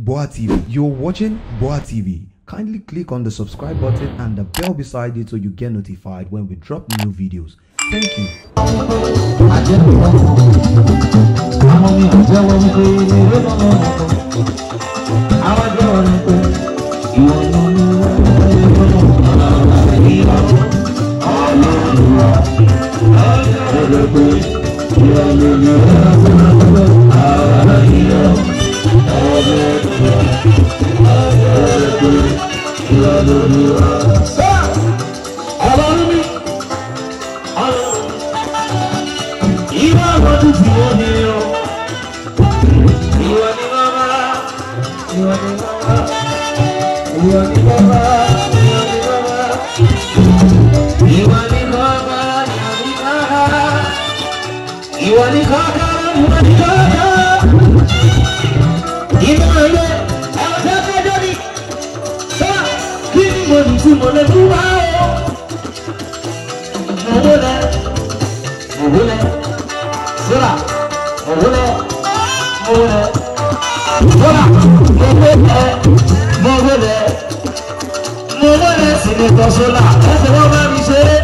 Boa TV. You're watching Boa TV kindly click on the subscribe button and the bell beside it so you get notified when we drop new videos. Thank you. lóluwà. Ọlọ́run mi, ìwà àwọn dúdú wo ni ọ? Ìwà ni bàbá, ìwà ni bàbá, ìwà ni bàbá, ìwà ni bàbá, ìwà ni bàbá, ìwà ni bàbá, ìwà ni kàkà, ìwà ni kàkà, ìwà. lù sí mo o. Mo wó lẹ, mo wó lẹ, sọ́ra, mo wó lẹ, mo wó lẹ, sọ́ra, mo mi ṣeré.